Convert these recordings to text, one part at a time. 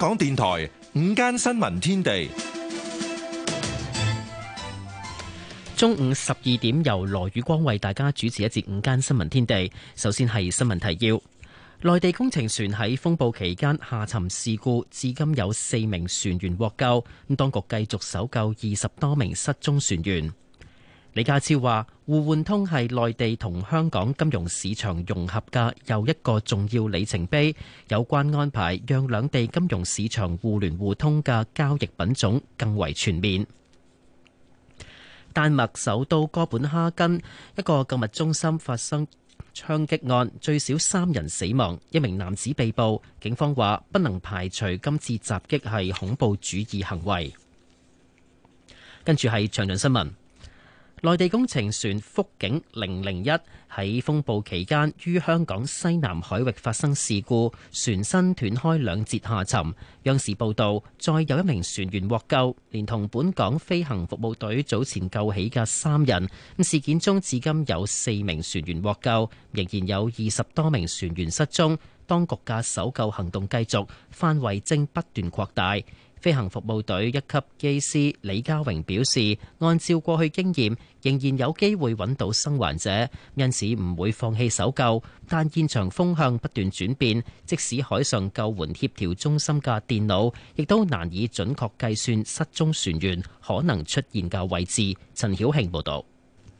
香港電台午間新聞天地，中午十二點由羅宇光為大家主持一節午間新聞天地。首先係新聞提要：內地工程船喺風暴期間下沉事故，至今有四名船員獲救，咁當局繼續搜救二十多名失蹤船員。李家超話：互換通係內地同香港金融市場融合嘅又一個重要里程碑。有關安排，讓兩地金融市場互聯互通嘅交易品種更為全面。丹麥首都哥本哈根一個購物中心發生槍擊案，最少三人死亡，一名男子被捕。警方話不能排除今次襲擊係恐怖主義行為。跟住係詳盡新聞。內地工程船福景零零一喺風暴期間於香港西南海域發生事故，船身斷開兩節下沉。央視報導，再有一名船員獲救，連同本港飛行服務隊早前救起嘅三人。咁事件中至今有四名船員獲救，仍然有二十多名船員失蹤。當局嘅搜救行動繼續，範圍正不斷擴大。飛行服務隊一級機師李家榮表示，按照過去經驗，仍然有機會揾到生還者，因此唔會放棄搜救。但現場風向不斷轉變，即使海上救援協調中心嘅電腦，亦都難以準確計算失蹤船員可能出現嘅位置。陳曉慶報道。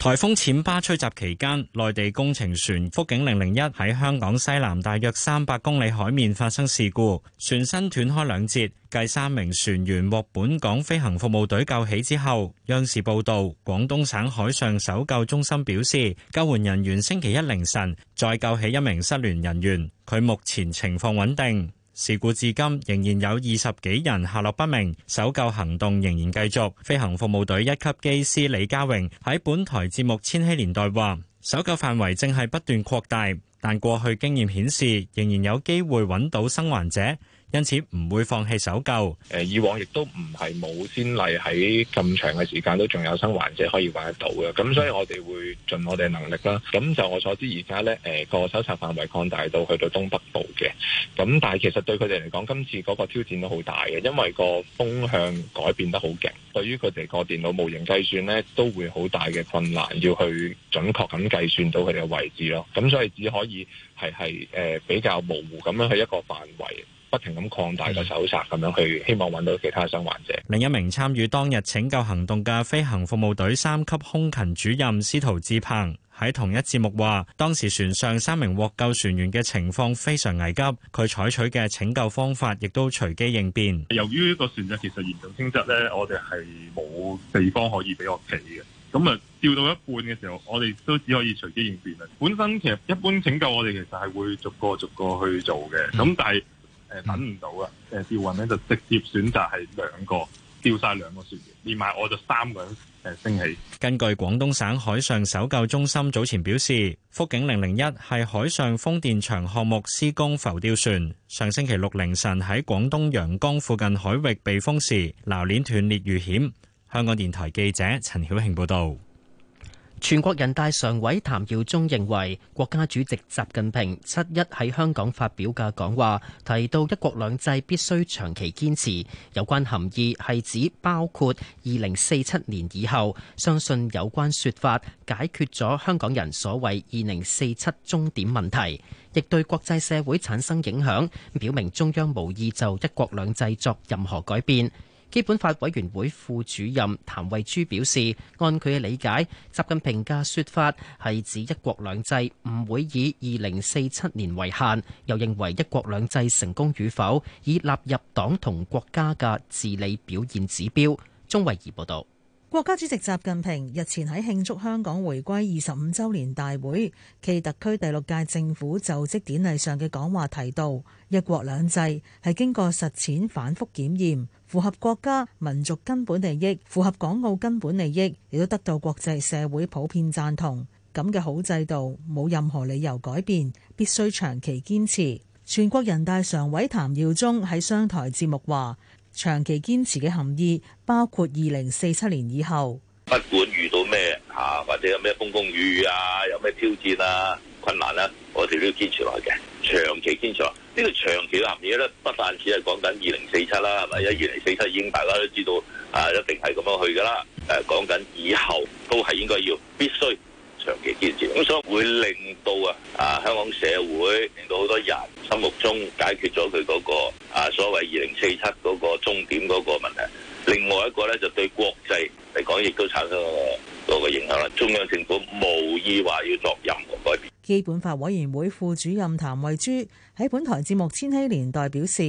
颱風暹芭吹襲期間，內地工程船福景零零一喺香港西南大約三百公里海面發生事故，船身斷開兩截，繼三名船員獲本港飛行服務隊救起之後，央視報道，廣東省海上搜救中心表示，救援人員星期一凌晨再救起一名失聯人員，佢目前情況穩定。事故至今仍然有二十幾人下落不明，搜救行動仍然繼續。飛行服務隊一級機師李嘉榮喺本台節目《千禧年代》話，搜救範圍正係不斷擴大，但過去經驗顯示，仍然有機會揾到生還者。因此唔會放棄搜救。誒，以往亦都唔係冇先例，喺咁長嘅時間都仲有生還者可以搵得到嘅。咁所以我哋會盡我哋嘅能力啦。咁就我所知，而家咧誒個搜查範圍擴大到去到東北部嘅。咁但係其實對佢哋嚟講，今次嗰個挑戰都好大嘅，因為個風向改變得好勁，對於佢哋個電腦模型計算咧都會好大嘅困難，要去準確咁計算到佢哋嘅位置咯。咁所以只可以係係誒比較模糊咁樣去一個範圍。不停咁擴大個搜查，咁樣去希望揾到其他生還者。另一名參與當日拯救行動嘅飛行服務隊三級空勤主任司徒志鵬喺同一節目話，當時船上三名獲救船員嘅情況非常危急，佢採取嘅拯救方法亦都隨機應變。由於個船隻其實嚴重傾側呢，我哋係冇地方可以俾我企嘅。咁啊，掉到一半嘅時候，我哋都只可以隨機應變啦。本身其實一般拯救我哋其實係會逐個逐個去做嘅，咁但係。誒等唔到啊！誒吊運咧就直接選擇係兩個掉曬兩個船，連埋我就三個人誒升起。根據廣東省海上搜救中心早前表示，福景零零一係海上風電場項目施工浮吊船，上星期六凌晨喺廣東陽江附近海域避風時，纜鏈斷裂遇險。香港電台記者陳曉慶報道。全國人大常委譚耀宗認為，國家主席習近平七一喺香港發表嘅講話，提到一國兩制必須長期堅持，有關含義係指包括二零四七年以後。相信有關說法解決咗香港人所謂二零四七終點問題，亦對國際社會產生影響，表明中央無意就一國兩制作任何改變。基本法委員會副主任譚惠珠表示，按佢嘅理解，習近平嘅說法係指一國兩制唔會以二零四七年為限，又認為一國兩制成功與否，已納入黨同國家嘅治理表現指標，鍾慧儀報道。國家主席習近平日前喺慶祝香港回歸二十五週年大會暨特區第六屆政府就職典禮上嘅講話提到，一國兩制係經過實踐反覆檢驗，符合國家民族根本利益，符合港澳根本利益，亦都得到國際社會普遍贊同。咁嘅好制度，冇任何理由改變，必須長期堅持。全國人大常委譚耀宗喺商台節目話，長期堅持嘅含義包括二零四七年以後，不管遇到咩吓，或者有咩風風雨雨啊，有咩挑戰啊、困難啦，我哋都要堅持落去嘅。長期堅持去，落、這、呢個長期嘅含義咧，不但只係講緊二零四七啦，係咪？因為二零四七已經大家都知道啊，一定係咁樣去噶啦。誒，講緊以後都係應該要必須。長期堅持，咁所以會令到啊、啊香港社會令到好多人心目中解決咗佢嗰個啊所謂二零四七嗰個終點嗰個問題。另外一個咧就對國際嚟講，亦都產生個影響啦。中央政府無意話要作任何改變。基本法委員會副主任譚慧珠喺本台節目《千禧年代》表示，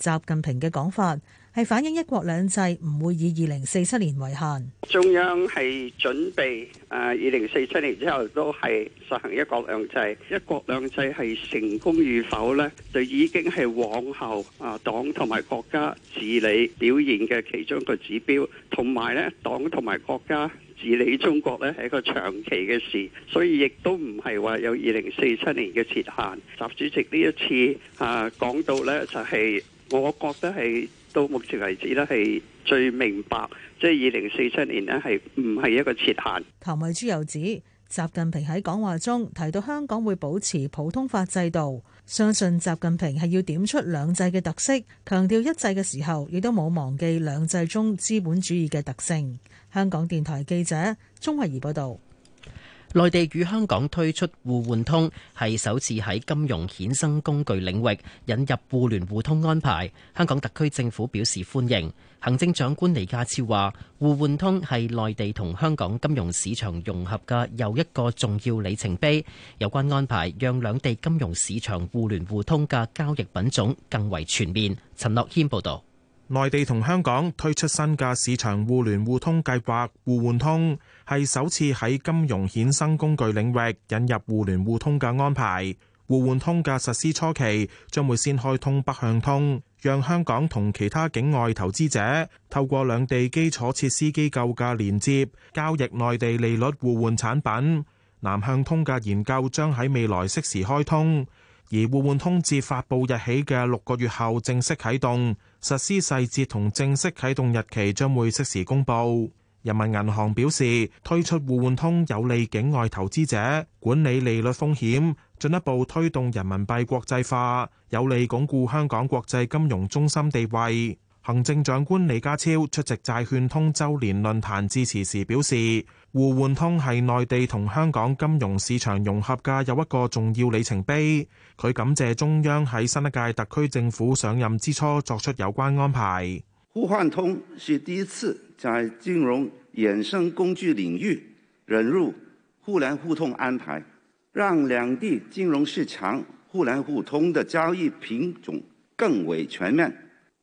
習近平嘅講法係反映一國兩制唔會以二零四七年為限，中央係準備誒二零四七年之後都係實行一國兩制。一國兩制係成功與否呢？就已經係往後啊黨同埋國家治理表現嘅其中一個指標。同埋呢，黨同埋國家治理中國呢係一個長期嘅事，所以亦都唔係話有二零四七年嘅設限。習主席呢一次啊講到呢，就係、是，我覺得係。到目前為止咧，係最明白，即係二零四七年咧，係唔係一個設限。唐慧珠又指，習近平喺講話中提到香港會保持普通法制度，相信習近平係要點出兩制嘅特色，強調一制嘅時候，亦都冇忘記兩制中資本主義嘅特性。香港電台記者鍾慧儀報道。內地與香港推出互換通，係首次喺金融衍生工具領域引入互聯互通安排。香港特區政府表示歡迎。行政長官李家超話：互換通係內地同香港金融市場融合嘅又一個重要里程碑。有關安排讓兩地金融市場互聯互通嘅交易品種更為全面。陳樂謙報導。內地同香港推出新嘅市場互聯互通計劃——互換通。係首次喺金融衍生工具領域引入互聯互通嘅安排。互換通嘅實施初期，將會先開通北向通，讓香港同其他境外投資者透過兩地基礎設施機構嘅連接，交易內地利率互換產品。南向通嘅研究將喺未來適時開通，而互換通自發布日起嘅六個月後正式啟動，實施細節同正式啟動日期將會適時公佈。人民銀行表示，推出互換通有利境外投資者管理利率風險，進一步推動人民幣國際化，有利鞏固香港國際金融中心地位。行政長官李家超出席債券通周年論壇致辭時表示，互換通係內地同香港金融市場融合嘅有一個重要里程碑。佢感謝中央喺新一屆特區政府上任之初作出有關安排。互換通是第一次在金融衍生工具領域引入互聯互通安排，讓兩地金融市場互聯互通的交易品種更為全面。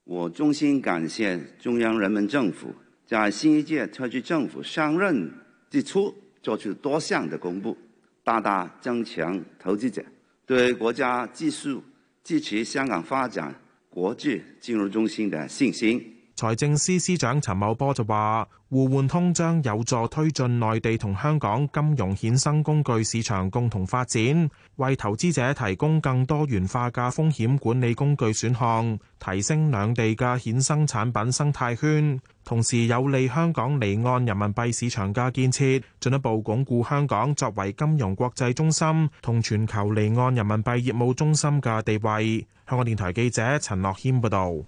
我衷心感謝中央人民政府在新一屆特區政府上任之初做出多項的公布，大大增強投資者對國家繼續支持香港發展國際金融中心的信心。財政司司長陳茂波就話：互換通將有助推進內地同香港金融衍生工具市場共同發展，為投資者提供更多元化嘅風險管理工具選項，提升兩地嘅衍生產品生態圈，同時有利香港離岸人民幣市場嘅建設，進一步鞏固香港作為金融國際中心同全球離岸人民幣業務中心嘅地位。香港電台記者陳樂謙報道。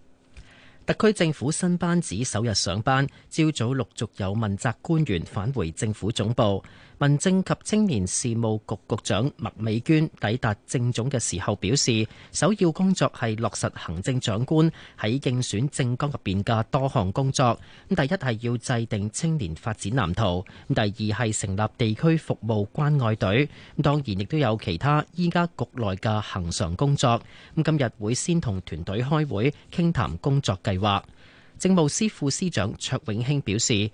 特區政府新班子首日上班，朝早陸續有問責官員返回政府總部。民政及青年事務局局長麥美娟抵達政總嘅時候表示，首要工作係落實行政長官喺競選政綱入面嘅多項工作。咁第一係要制定青年發展藍圖，咁第二係成立地區服務關愛隊。咁當然亦都有其他依家局內嘅恆常工作。咁今日會先同團隊開會傾談工作計劃。政務司副司長卓永興表示,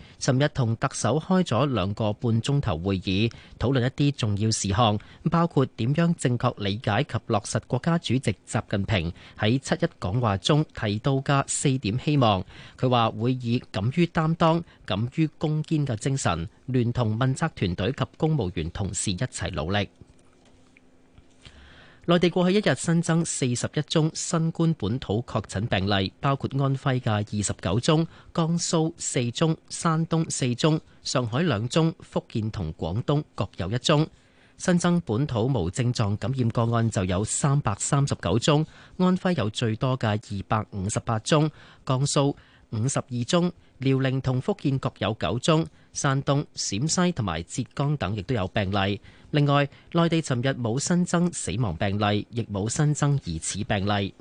內地過去一日新增四十一宗新冠本土確診病例，包括安徽嘅二十九宗、江蘇四宗、山東四宗、上海兩宗、福建同廣東各有一宗。新增本土無症狀感染個案就有三百三十九宗，安徽有最多嘅二百五十八宗，江蘇五十二宗，遼寧同福建各有九宗，山東、陝西同埋浙江等亦都有病例。另外，內地尋日冇新增死亡病例，亦冇新增疑似病例。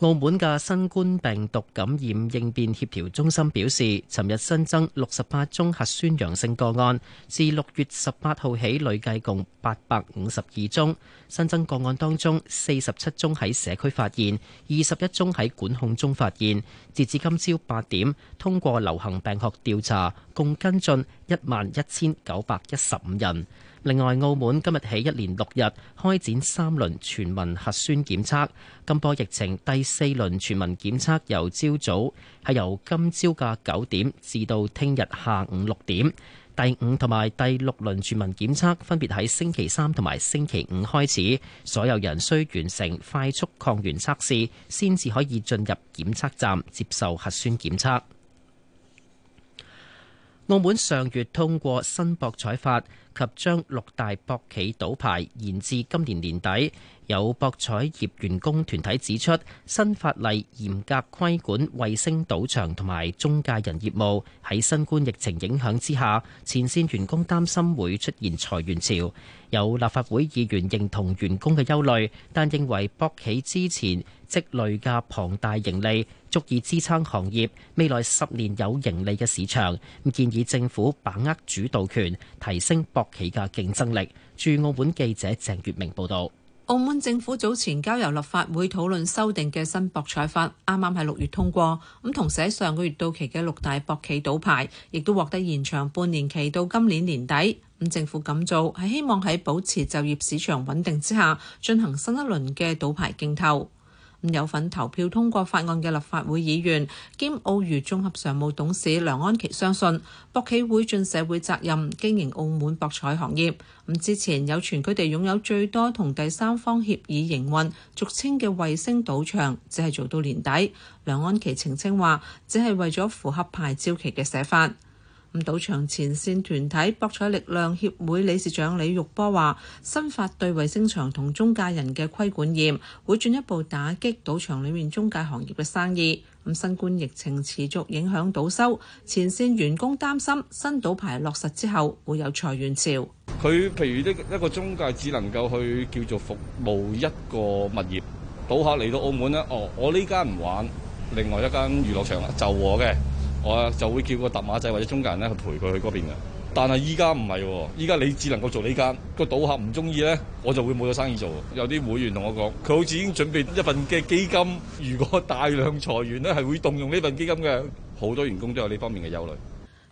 澳門嘅新冠病毒感染應變協調中心表示，尋日新增六十八宗核酸陽性個案，自六月十八號起累計共八百五十二宗。新增個案當中，四十七宗喺社區發現，二十一宗喺管控中發現。截至今朝八點，通過流行病學調查，共跟進一萬一千九百一十五人。另外，澳門今日起一連六日開展三輪全民核酸檢測，今波疫情第四輪全民檢測由朝早係由今朝嘅九點至到聽日下午六點，第五同埋第六輪全民檢測分別喺星期三同埋星期五開始，所有人須完成快速抗原測試先至可以進入檢測站接受核酸檢測。澳門上月通過新博彩法，及將六大博企賭牌延至今年年底。有博彩業員工團體指出，新法例嚴格規管衞星賭場同埋中介人業務。喺新冠疫情影響之下，前線員工擔心會出現裁員潮。有立法會議員認同員工嘅憂慮，但認為博企之前積累嘅龐大盈利，足以支撐行業未來十年有盈利嘅市場。建議政府把握主導權，提升博企嘅競爭力。駐澳門記者鄭月明報道。澳門政府早前交由立法會討論修訂嘅新博彩法，啱啱喺六月通過。咁同時喺上個月到期嘅六大博企賭牌，亦都獲得延長半年期到今年年底。咁政府咁做係希望喺保持就業市場穩定之下，進行新一輪嘅賭牌競投。有份投票通過法案嘅立法會議員兼澳娛綜合常務董事梁安琪，相信博企會盡社會責任經營澳門博彩行業。之前有傳佢哋擁有最多同第三方協議營運，俗稱嘅衛星賭場，只係做到年底。梁安琪澄清話，只係為咗符合牌照期嘅寫法。咁賭場前線團體博彩力量協會理事長李玉波話：新法對衛星場同中介人嘅規管嚴，會進一步打擊賭場裏面中介行業嘅生意。咁新冠疫情持續影響賭收，前線員工擔心新賭牌落實之後會有裁員潮。佢譬如一一個中介只能夠去叫做服務一個物業，賭客嚟到澳門咧，哦，我呢間唔玩，另外一間娛樂場啊，就我嘅。我啊就會叫個疊碼仔或者中介人咧去陪佢去嗰邊嘅，但係依家唔係喎，依家你只能夠做呢間，個賭客唔中意咧，我就會冇咗生意做。有啲會員同我講，佢好似已經準備一份嘅基金，如果大量裁員咧，係會動用呢份基金嘅。好多員工都有呢方面嘅憂慮。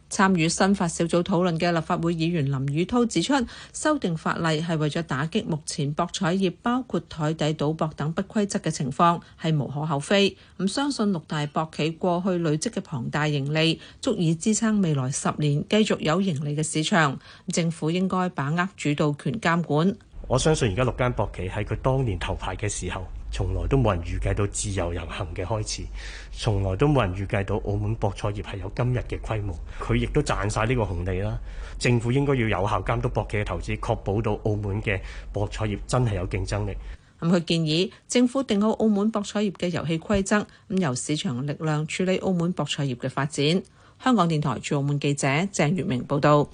參與新法小組討論嘅立法會議員林宇滔指出，修訂法例係為咗打擊目前博彩業包括台底賭博等不規則嘅情況，係無可厚非。唔相信六大博企過去累積嘅龐大盈利，足以支撐未來十年繼續有盈利嘅市場。政府應該把握主導權監管。我相信而家六間博企喺佢當年頭牌嘅時候，從來都冇人預計到自由遊行嘅開始，從來都冇人預計到澳門博彩業係有今日嘅規模。佢亦都賺晒呢個紅利啦。政府應該要有效監督博企嘅投資，確保到澳門嘅博彩業真係有競爭力。咁佢建議政府定好澳門博彩業嘅遊戲規則，咁由市場力量處理澳門博彩業嘅發展。香港電台駐澳門記者鄭月明報道。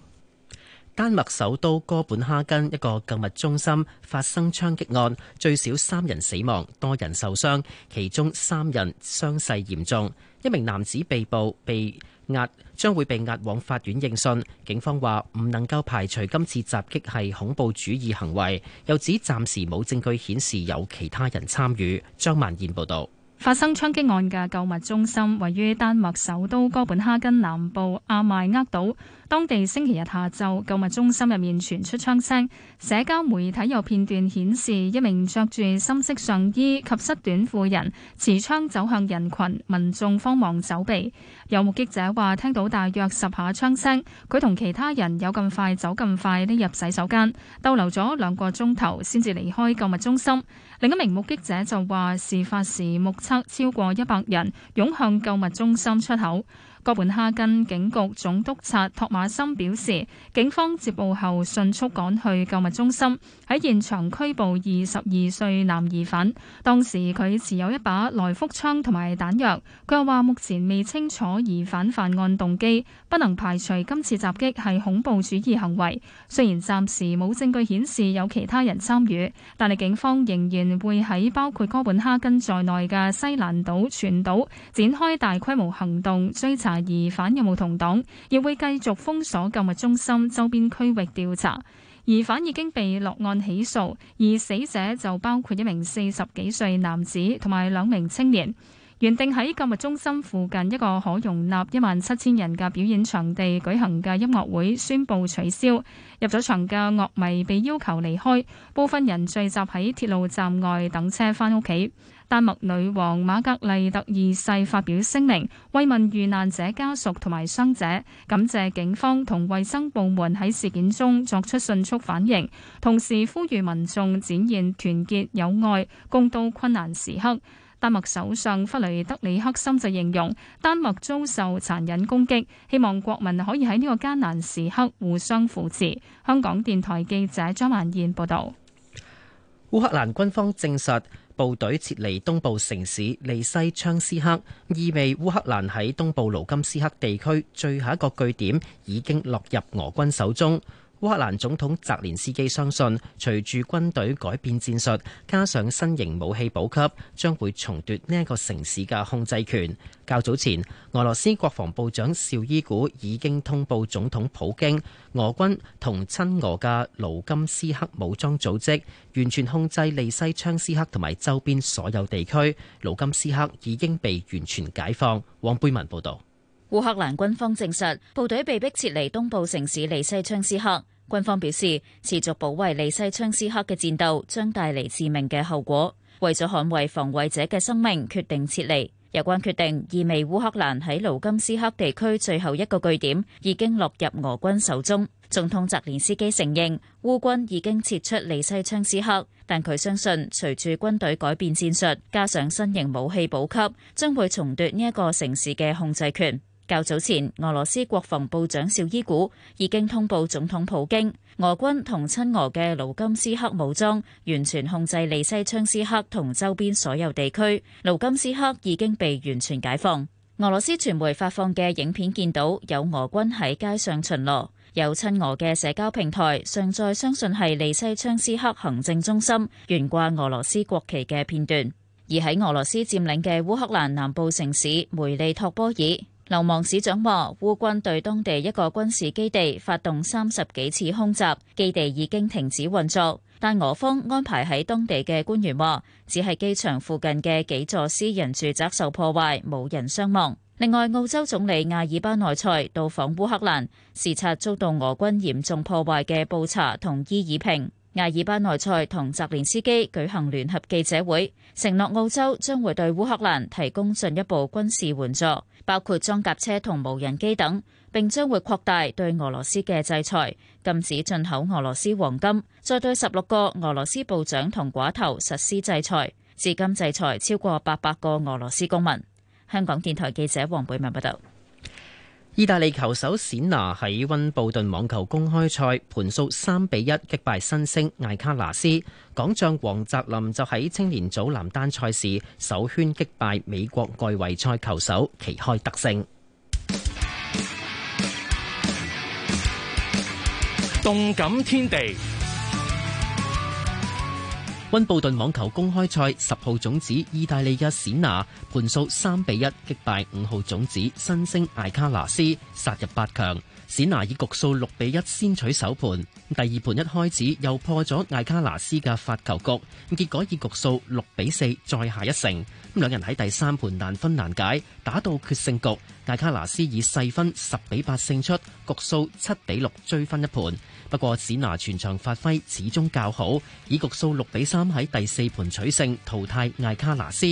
丹麥首都哥本哈根一個購物中心發生槍擊案，最少三人死亡，多人受傷，其中三人傷勢嚴重。一名男子被捕被押，將會被押往法院應訊。警方話唔能夠排除今次襲擊係恐怖主義行為，又指暫時冇證據顯示有其他人參與。張曼燕報導。發生槍擊案嘅購物中心位於丹麥首都哥本哈根南部阿邁厄島。當地星期日下晝，購物中心入面傳出槍聲。社交媒體有片段顯示，一名着住深色上衣及膝短褲人持槍走向人群，民眾慌忙走避。有目擊者話聽到大約十下槍聲，佢同其他人有咁快走咁快匿入洗手間，逗留咗兩個鐘頭先至離開購物中心。另一名目擊者就話，事發時目測超過一百人湧向購物中心出口。哥本哈根警局總督察托馬森表示，警方接報後迅速趕去購物中心，喺現場拘捕二十二歲男疑犯。當時佢持有一把來福槍同埋彈藥。佢又話：目前未清楚疑犯犯犯案動機，不能排除今次襲擊係恐怖主義行為。雖然暫時冇證據顯示有其他人參與，但係警方仍然會喺包括哥本哈根在內嘅西蘭島全島展開大規模行動追查。疑犯有冇同黨？亦會繼續封鎖購物中心周邊區域調查。疑犯已經被落案起訴，而死者就包括一名四十幾歲男子同埋兩名青年。原定喺購物中心附近一個可容納一萬七千人嘅表演場地舉行嘅音樂會宣布取消，入咗場嘅樂迷被要求離開，部分人聚集喺鐵路站外等車翻屋企。丹麥女王瑪格麗特二世發表聲明，慰問遇難者家屬同埋傷者，感謝警方同衛生部門喺事件中作出迅速反應，同時呼籲民眾展現團結友愛，共度困難時刻。丹麥首相弗雷德里克森就形容，丹麥遭受殘忍攻擊，希望國民可以喺呢個艱難時刻互相扶持。香港電台記者張曼燕報道。烏克蘭軍方證實。部隊撤離東部城市利西昌斯克，意味烏克蘭喺東部盧甘斯克地區最後一個據點已經落入俄軍手中。烏克蘭總統澤連斯基相信，隨住軍隊改變戰術，加上新型武器補給，將會重奪呢一個城市嘅控制權。較早前，俄羅斯國防部長紹伊古已經通報總統普京，俄軍同親俄嘅盧甘斯克武裝組織完全控制利西昌斯克同埋周邊所有地區，盧甘斯克已經被完全解放。黃貝文報道。烏克蘭軍方證實，部隊被逼撤離東部城市利西昌斯克。軍方表示，持續保衛利西昌斯克嘅戰鬥將帶嚟致命嘅後果，為咗捍衛防衛者嘅生命，決定撤離。有關決定意味烏克蘭喺盧甘斯克地區最後一個據點已經落入俄軍手中。總統澤連斯基承認烏軍已經撤出利西昌斯克，但佢相信隨住軍隊改變戰術，加上新型武器補給，將會重奪呢一個城市嘅控制權。較早前，俄羅斯國防部長紹伊古已經通報總統普京，俄軍同親俄嘅盧甘斯克武裝完全控制利西昌斯克同周邊所有地區，盧甘斯克已經被完全解放。俄羅斯傳媒發放嘅影片見到有俄軍喺街上巡邏，有親俄嘅社交平台上載，相信係利西昌斯克行政中心懸掛俄羅斯國旗嘅片段。而喺俄羅斯佔領嘅烏克蘭南部城市梅利托波爾。流亡市長話，烏軍對當地一個軍事基地發動三十幾次空襲，基地已經停止運作。但俄方安排喺當地嘅官員話，只係機場附近嘅幾座私人住宅受破壞，冇人傷亡。另外，澳洲總理阿爾巴內塞到訪烏克蘭，視察遭到俄軍嚴重破壞嘅布查同伊爾平。阿爾巴內塞同澤連斯基舉行聯合記者會，承諾澳洲將會對烏克蘭提供進一步軍事援助。包括裝甲車同無人機等，並將會擴大對俄羅斯嘅制裁，禁止進口俄羅斯黃金，再對十六個俄羅斯部長同寡頭實施制裁。至今制裁超過八百個俄羅斯公民。香港電台記者黃貝文報道。意大利球手冼拿喺温布頓網球公開賽盤數三比一擊敗新星艾卡拿斯，港將王澤林就喺青年組男單賽事首圈擊敗美國外圍賽球手，旗開得勝。動感天地。溫布頓網球公開賽十號種子意大利嘅閃拿盤數三比一擊敗五號種子新星艾卡拉斯殺入八強。閃拿以局數六比一先取首盤，第二盤一開始又破咗艾卡拉斯嘅發球局，結果以局數六比四再下一城。咁兩人喺第三盤難分難解，打到決勝局，艾卡拉斯以細分十比八勝出，局數七比六追分一盤。不過史拿全場發揮始終較好，以局數六比三喺第四盤取勝，淘汰艾卡拿斯。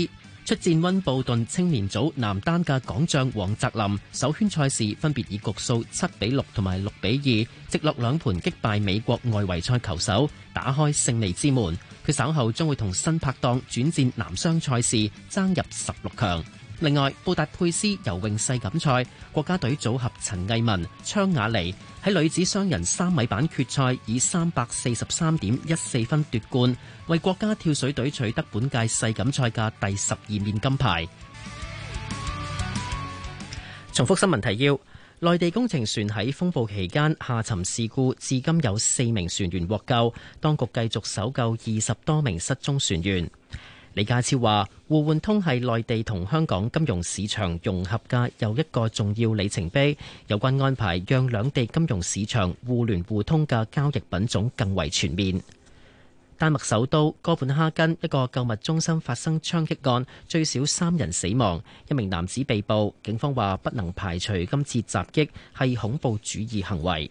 出戰溫布頓青年組男單嘅港將王澤林，首圈賽事分別以局數七比六同埋六比二直落兩盤擊敗美國外圍賽球手，打開勝利之門。佢稍後將會同新拍檔轉戰男雙賽事，爭入十六強。另外，布達佩斯游泳世錦賽，國家隊組合陳藝文、昌雅妮喺女子雙人三米板決賽以三百四十三點一四分奪冠，為國家跳水隊取得本屆世錦賽嘅第十二面金牌。 重複新聞提要：內地工程船喺風暴期間下沉事故，至今有四名船員獲救，當局繼續搜救二十多名失蹤船員。李家超話：互換通係內地同香港金融市場融合嘅又一個重要里程碑。有關安排讓兩地金融市場互聯互通嘅交易品種更為全面。丹麥首都哥本哈根一個購物中心發生槍擊案，最少三人死亡，一名男子被捕。警方話不能排除今次襲擊係恐怖主義行為。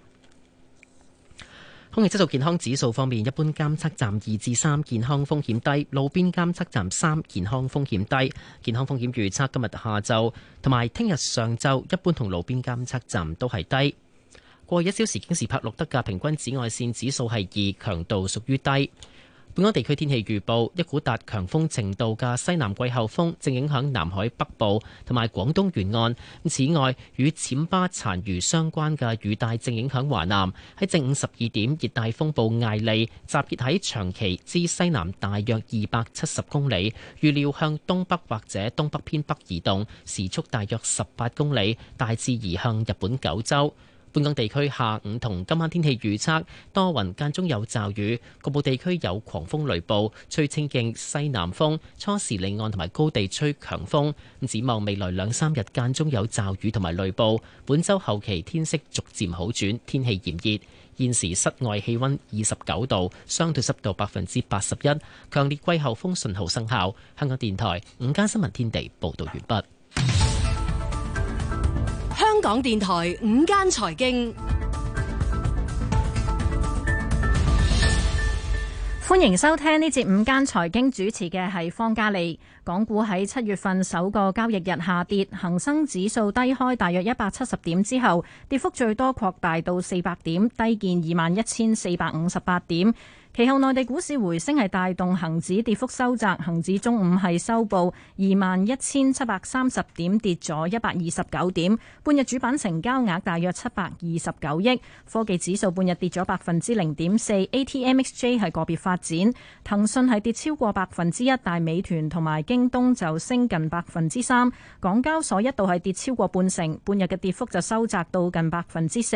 空氣質素健康指數方面，一般監測站二至三，健康風險低；路邊監測站三，健康風險低。健康風險預測今日下晝同埋聽日上晝，一般同路邊監測站都係低。過去一小時京士柏錄得嘅平均紫外線指數係二，強度屬於低。本港地區天氣預報：一股達強風程度嘅西南季候風正影響南海北部同埋廣東沿岸。此外，與暹芭殘餘相關嘅雨帶正影響華南。喺正午十二點，熱帶風暴艾利集結喺長崎至西南大約二百七十公里，預料向東北或者東北偏北移動，時速大約十八公里，大致移向日本九州。本港地區，下午同今晚天氣預測，多雲間中有驟雨，局部地區有狂風雷暴，吹清勁西南風，初時離岸同埋高地吹強風，展望未來兩三日間中有驟雨同埋雷暴，本週後期天色逐漸好轉，天氣炎熱，現時室外氣溫二十九度，相對濕度百分之八十一，強烈季候風信號生效。香港電台午間新聞天地報道完畢。港電台午間財經，歡迎收聽呢節午間財經主持嘅係方嘉利。港股喺七月份首個交易日下跌，恒生指數低開大約一百七十點之後，跌幅最多擴大到四百點，低見二萬一千四百五十八點。其後，內地股市回升係帶動恒指跌幅收窄，恒指中午係收報二萬一千七百三十點，跌咗一百二十九點。半日主板成交額大約七百二十九億，科技指數半日跌咗百分之零點四。ATMXJ 係個別發展，騰訊係跌超過百分之一，但係美團同埋京東就升近百分之三。港交所一度係跌超過半成，半日嘅跌幅就收窄到近百分之四。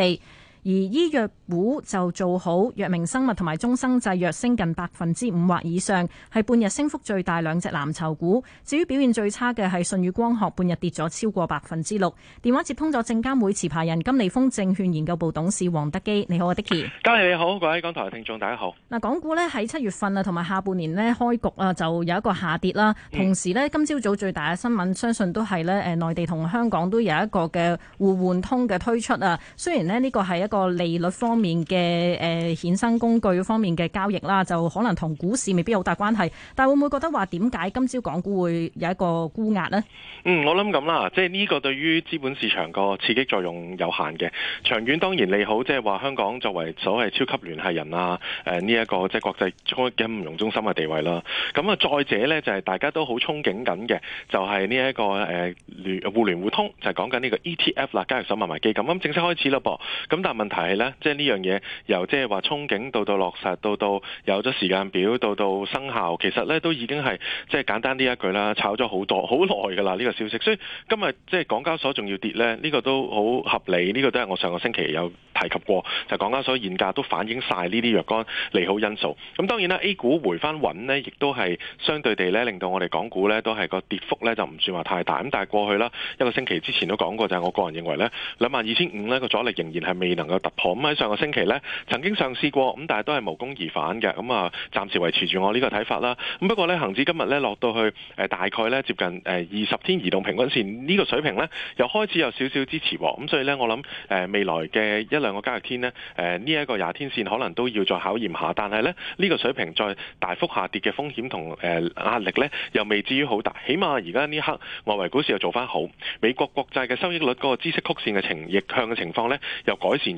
而醫藥股就做好，藥明生物同埋中生製藥升近百分之五或以上，係半日升幅最大兩隻藍籌股。至於表現最差嘅係信宇光學，半日跌咗超過百分之六。電話接通咗證監會持牌人金利豐證券研究部董事黃德基，你好，Dicky。嘉義你好，各位港台嘅聽眾，大家好。嗱，港股咧喺七月份啊，同埋下半年咧開局啊，就有一個下跌啦。同時呢，今朝早最大嘅新聞，相信都係咧誒，內地同香港都有一個嘅互換通嘅推出啊。雖然呢，呢個係一個利率方面嘅誒，衍生工具方面嘅交易啦，就可能同股市未必好大關係。但係會唔會覺得話點解今朝港股會有一個沽壓呢？嗯，我諗咁啦，即係呢個對於資本市場個刺激作用有限嘅。長遠當然利好，即係話香港作為所謂超級聯繫人啊，誒呢一個即係國際金融中心嘅地位啦。咁啊，再者呢，就係、是、大家都好憧憬緊嘅，就係呢一個誒互互聯互通，就係講緊呢個 ETF 啦，加入手買賣基金。咁正式開始啦噃。咁但係問題係呢，即係呢樣嘢由即係話憧憬到到落實，到到有咗時間表，到到生效，其實呢都已經係即係簡單啲一句啦，炒咗好多好耐㗎啦呢個消息。所以今日即係港交所仲要跌呢，呢、這個都好合理。呢、這個都係我上個星期有提及過，就係、港交所現價都反映晒呢啲若干利好因素。咁當然啦，A 股回翻穩呢，亦都係相對地呢，令到我哋港股呢都係個跌幅呢，就唔算話太大。咁但係過去啦一個星期之前都講過，就係我個人認為呢，兩萬二千五呢個阻力仍然係未能。突破，咁喺上個星期呢，曾經嘗試過，咁但係都係無功而返嘅。咁、嗯、啊，暫時維持住我呢個睇法啦。咁不過呢，恆指今日呢落到去誒、呃、大概呢接近誒二十天移動平均線呢、呢個水平呢又開始有少少支持喎。咁、嗯、所以呢，我諗誒、呃、未來嘅一兩個交易天呢，誒呢一個廿天線可能都要再考驗下。但係呢，呢、呢個水平再大幅下跌嘅風險同誒、呃、壓力呢，又未至於好大。起碼而家呢刻外圍股市又做翻好，美國國債嘅收益率嗰個孳息曲線嘅情逆向嘅情況呢，又改善。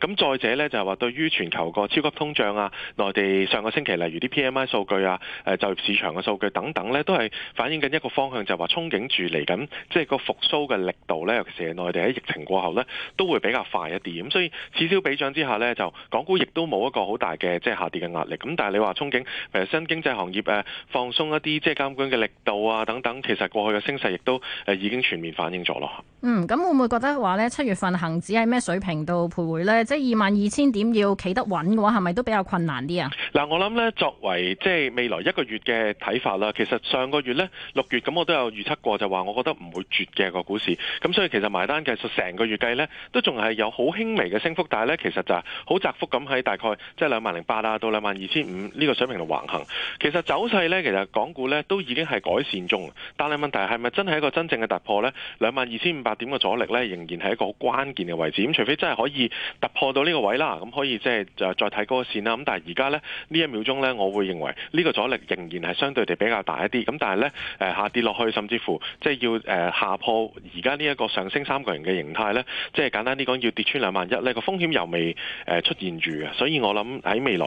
咁再者咧，就係話對於全球個超級通脹啊，內地上個星期例如啲 PMI 數據啊，誒就業市場嘅數據等等咧，都係反映緊一個方向，就係話憧憬住嚟緊，即係個復甦嘅力度咧。尤其是係內地喺疫情過後咧，都會比較快一啲。咁所以此消彼長之下咧，就港股亦都冇一個好大嘅即係下跌嘅壓力。咁但係你話憧憬誒新經濟行業誒、啊、放鬆一啲即係監管嘅力度啊等等，其實過去嘅升勢亦都誒已經全面反映咗咯。嗯，咁會唔會覺得話咧七月份恆指喺咩水平度？徘徊呢，即係二萬二千點要企得穩嘅話，係咪都比較困難啲啊？嗱，我諗呢，作為即係未來一個月嘅睇法啦，其實上個月呢，六月咁，我都有預測過，就話我覺得唔會絕嘅個股市。咁所以其實埋單計數，成個月計呢，都仲係有好輕微嘅升幅。但係呢，其實就係好窄幅咁喺大概即係兩萬零八啊到兩萬二千五呢個水平度橫行。其實走勢呢，其實港股呢，都已經係改善中。但係問題係咪真係一個真正嘅突破呢？兩萬二千五百點嘅阻力呢，仍然係一個好關鍵嘅位置。咁除非真係可以。突破到呢個位啦，咁可以即係再睇嗰個線啦。咁但係而家呢，呢一秒鐘呢，我會認為呢個阻力仍然係相對地比較大一啲。咁但係呢，誒下跌落去，甚至乎即係要誒下破而家呢一個上升三角形嘅形態呢，即係簡單啲講，要跌穿兩萬一。呢個風險又未誒出現住嘅。所以我諗喺未來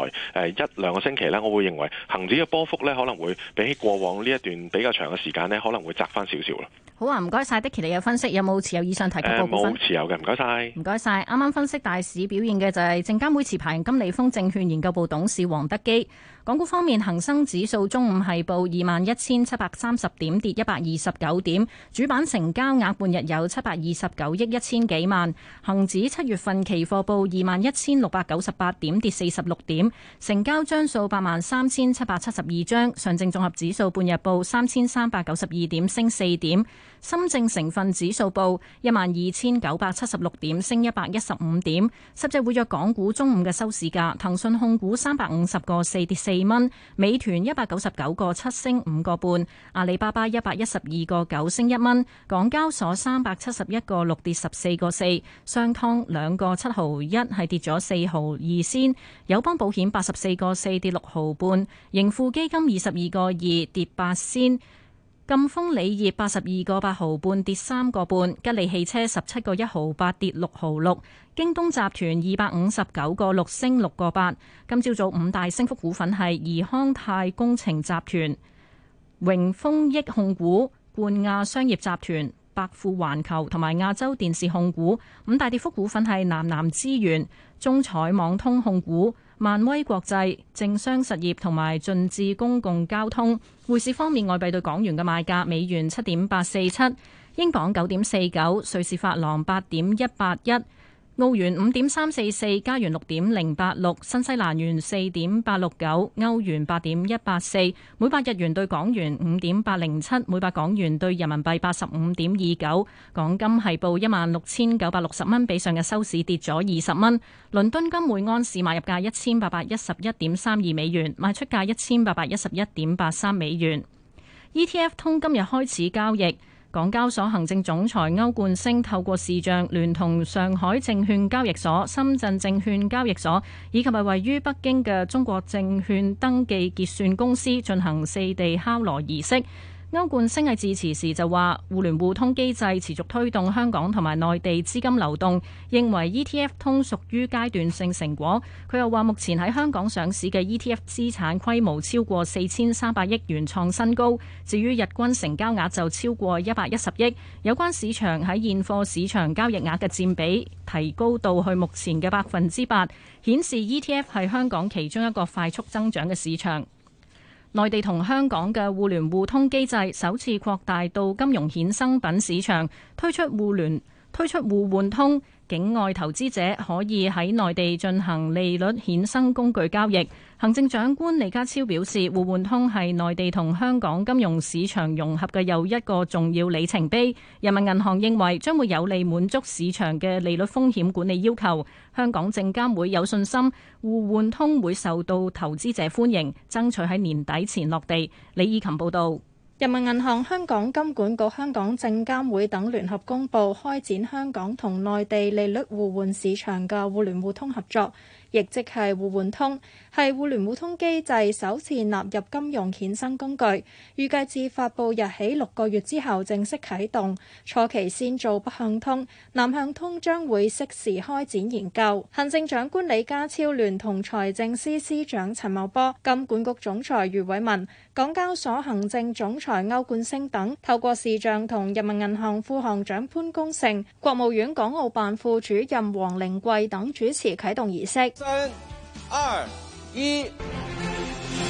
誒一兩個星期呢，我會認為恒指嘅波幅呢，可能會比起過往呢一段比較長嘅時間呢，可能會窄翻少少咯。好啊，唔該晒 Dickie，你嘅分析。有冇持有以上提及嘅股份？冇持有嘅，唔該晒。唔該曬，啱啱分。識大市表現嘅就係證監會持牌金利豐證券研究部董事黃德基。港股方面，恒生指數中午係報二萬一千七百三十點，跌一百二十九點，主板成交額半日有七百二十九億一千幾萬。恒指七月份期貨報二萬一千六百九十八點，跌四十六點，成交張數八萬三千七百七十二張。上證綜合指數半日報三千三百九十二點，升四點。深證成分指數報，一萬二千九百七十六點，升一百一十五點。十隻活躍港股中午嘅收市價：騰訊控股三百五十個四跌四蚊，美團一百九十九個七升五個半，阿里巴巴一百一十二個九升一蚊，港交所三百七十一個六跌十四個四，商湯兩個七毫一係跌咗四毫二先，友邦保險八十四個四跌六毫半，盈富基金二十二個二跌八先。贛鋒鋰業八十二個八毫半跌三個半，吉利汽車十七個一毫八跌六毫六，京東集團二百五十九個六升六個八。今朝早五大升幅股份係怡康泰工程集團、榮豐益控股、冠亞商業集團、百富環球同埋亞洲電視控股。五大跌幅股份係南南資源、中彩網通控股。萬威國際、正商實業同埋進智公共交通。匯市方面，外幣對港元嘅賣價：美元七點八四七，英鎊九點四九，瑞士法郎八點一八一。澳元五點三四四，加元六點零八六，新西蘭元四點八六九，歐元八點一八四，每百日元對港元五點八零七，每百港元對人民幣八十五點二九。港金係報一萬六千九百六十蚊，比上日收市跌咗二十蚊。倫敦金每安士買入價一千八百一十一點三二美元，賣出價一千八百一十一點八三美元。ETF 通今日開始交易。港交所行政總裁歐冠昇透過視像，聯同上海證券交易所、深圳證券交易所以及係位於北京嘅中國證券登記結算公司進行四地敲鑼儀式。歐冠升喺致辭時就話，互聯互通機制持續推動香港同埋內地資金流動，認為 ETF 通屬於階段性成果。佢又話，目前喺香港上市嘅 ETF 資產規模超過四千三百億元，創新高。至於日均成交額就超過一百一十億，有關市場喺現貨市場交易額嘅佔比提高到去目前嘅百分之八，顯示 ETF 係香港其中一個快速增長嘅市場。內地同香港嘅互聯互通機制首次擴大到金融衍生品市場，推出互聯，推出互換通。境外投資者可以喺內地進行利率衍生工具交易。行政長官李家超表示，互換通係內地同香港金融市場融合嘅又一個重要里程碑。人民銀行認為將會有利滿足市場嘅利率風險管理要求。香港證監會有信心互換通會受到投資者歡迎，爭取喺年底前落地。李以琴報導。人民銀行、香港金管局、香港證監會等聯合公佈，開展香港同內地利率互換市場嘅互聯互通合作。亦即係互換通，係互聯互通機制首次納入金融衍生工具，預計自發布日起六個月之後正式啟動，初期先做北向通，南向通將會適時開展研究。行政長官李家超聯同財政司司，司長陳茂波、金管局總裁余偉文、港交所行政總裁歐冠昇等，透過視像同人民銀行副行長潘功勝、國務院港澳辦副主任王靈桂等主持啟動儀式。三、二、一。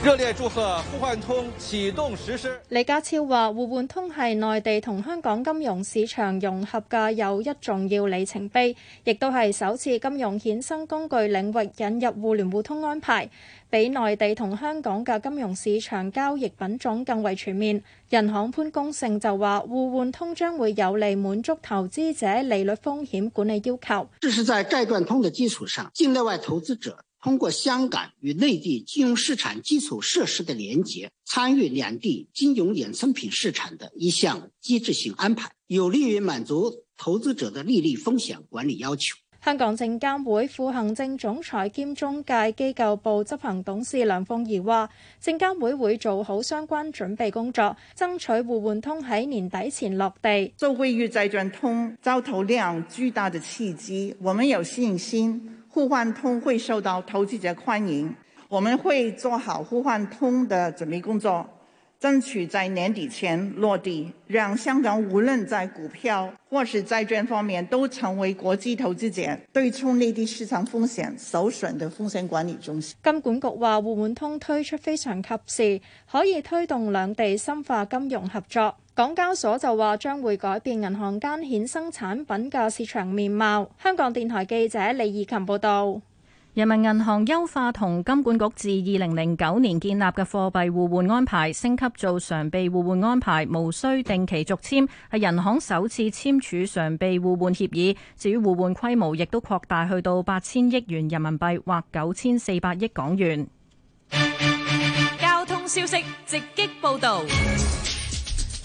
熱烈祝賀互換通啟動實施。李家超話：互換通係內地同香港金融市場融合嘅又一重要里程碑，亦都係首次金融衍生工具領域引入互聯互通安排，比內地同香港嘅金融市場交易品種更為全面。人行潘功勝就話：互換通將會有利滿足投資者利率風險管理要求。這是在債券通的基礎上，境內外投資者。通過香港與內地金融市場基礎設施的連接，參與兩地金融衍生品市場的一項機制性安排，有利於滿足投資者的利率風險管理要求。香港證監會副行政總裁兼中介機構部執行董事梁鳳儀話，證監會會做好相關準備工作，爭取互換通喺年底前落地。做匯兌債券通，招投量巨大的契機，我們有信心。互換通會受到投資者歡迎，我們會做好互換通的準備工作。爭取在年底前落地，讓香港無論在股票或是債券方面都成為國際投資者對沖內地市場風險首選的風險管理中心。金管局話互換通推出非常及時，可以推動兩地深化金融合作。港交所就話將會改變銀行間衍生產品嘅市場面貌。香港電台記者李義琴報道。人民銀行優化同金管局自二零零九年建立嘅貨幣互換安排，升級做常備互換安排，無需定期續簽，係人行首次簽署常備互換協議。至於互換規模，亦都擴大去到八千億元人民幣或九千四百億港元。交通消息直擊報道。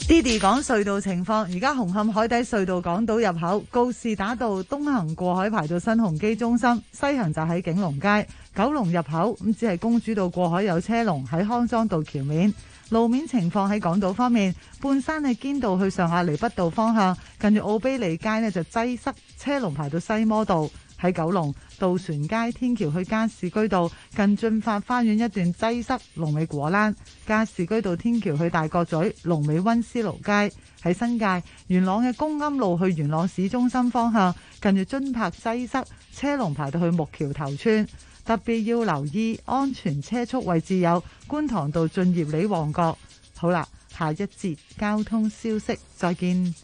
d i d y 講隧道情況，而家紅磡海底隧道港島入口告士打道東行過海排到新鴻基中心，西行就喺景隆街九龍入口，咁只係公主道過海有車龍喺康莊道橋面。路面情況喺港島方面，半山嘅堅道去上下亞厘畢道方向，近住奧卑利街呢就擠塞車龍排到西摩道。喺九龍渡船街天橋去加士居道近駿發花園一段擠塞，龍尾果欄；加士居道天橋去大角咀龍尾溫斯勞街；喺新界元朗嘅公庵路去元朗市中心方向，近住津柏擠塞，車龍排到去木橋頭村。特別要留意安全車速位置有觀塘道駿業里旺角。好啦，下一節交通消息，再見。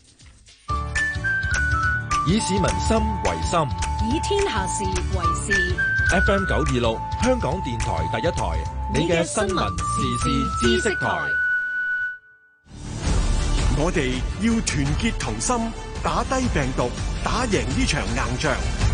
以市民心為心。以天下事為事。FM 九二六，香港電台第一台，你嘅新聞時事知識台。我哋要團結同心，打低病毒，打贏呢場硬仗。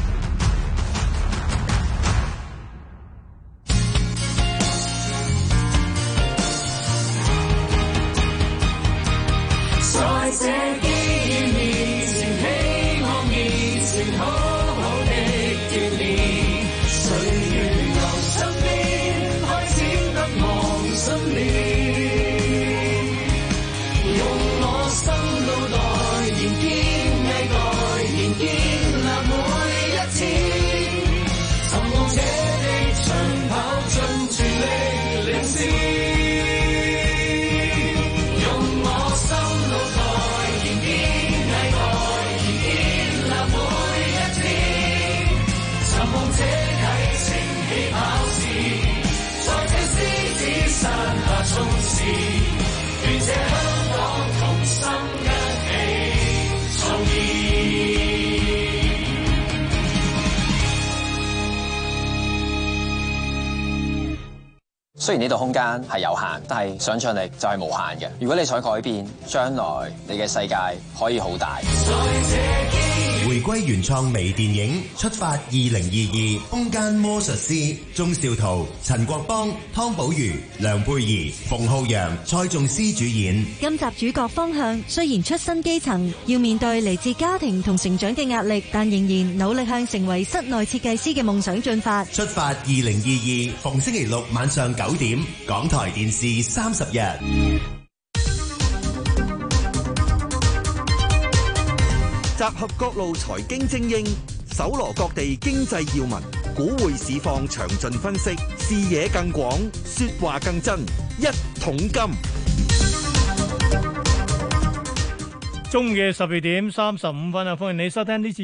雖然呢度空間係有限，但係想像力就係無限嘅。如果你想改變，將來你嘅世界可以好大。 回歸原創微電影出發二零二二空間魔術師鍾少滔陳國邦湯寶如梁貝兒馮浩陽蔡仲思主演今集主角方向雖然出身基層要面對嚟自家庭同成長嘅壓力但仍然努力向成為室內設計師嘅夢想進發出發集合各路財經精英，搜羅各地經濟要聞，股匯市況詳盡分析，視野更廣，說話更真，一桶金。中午嘅十二點三十五分啊，歡迎你收聽呢次。